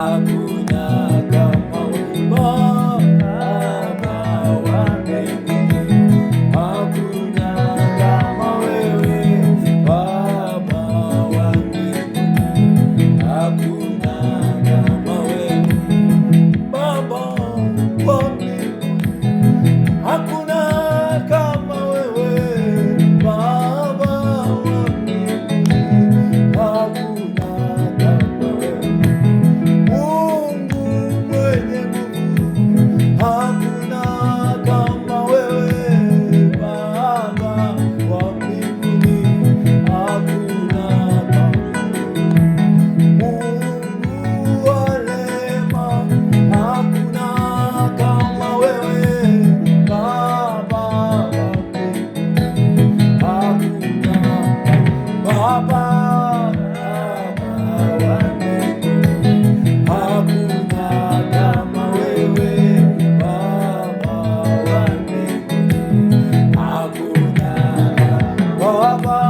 Aku bubble.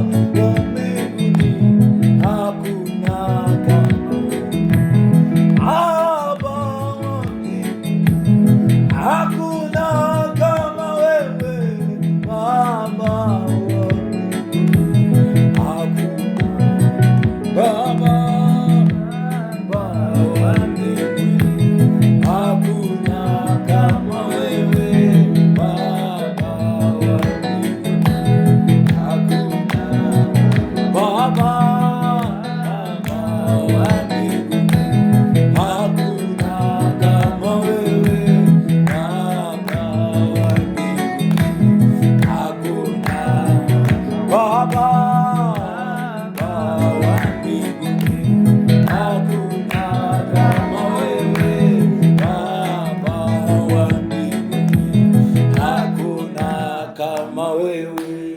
我们。kama wewe.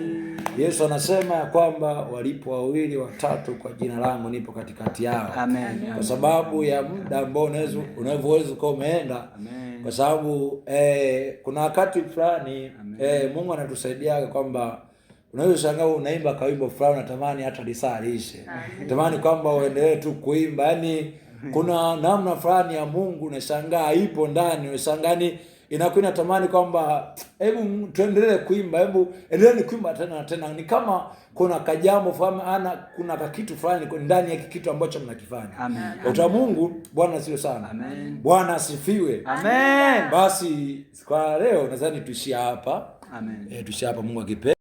Yesu anasema ya kwamba walipo wawili watatu kwa jina langu nipo katikati yao. Amen. Kwa sababu ya muda ambao unavyoweza ukawa umeenda, kwa sababu eh, kuna wakati fulani eh, Mungu anatusaidia kwamba unaweza shangaa unaimba kawimbo fulani, unatamani hata lisaa liishe, natamani kwamba uendelee tu kuimba, yaani kuna namna fulani ya Mungu unashangaa ipo ndani, unashangaa inakuwa inatamani kwamba hebu tuendelee kuimba, hebu endeleni kuimba tena na tena. Ni kama kuna kajambo fulani ana kuna kakitu fulani ndani ya kitu ambacho mnakifanya. Amen. Mungu Bwana sio sana. Amen. Bwana asifiwe. Amen. Basi kwa leo nadhani tuishie hapa. Amen. E, tuishie hapa Mungu akipenda.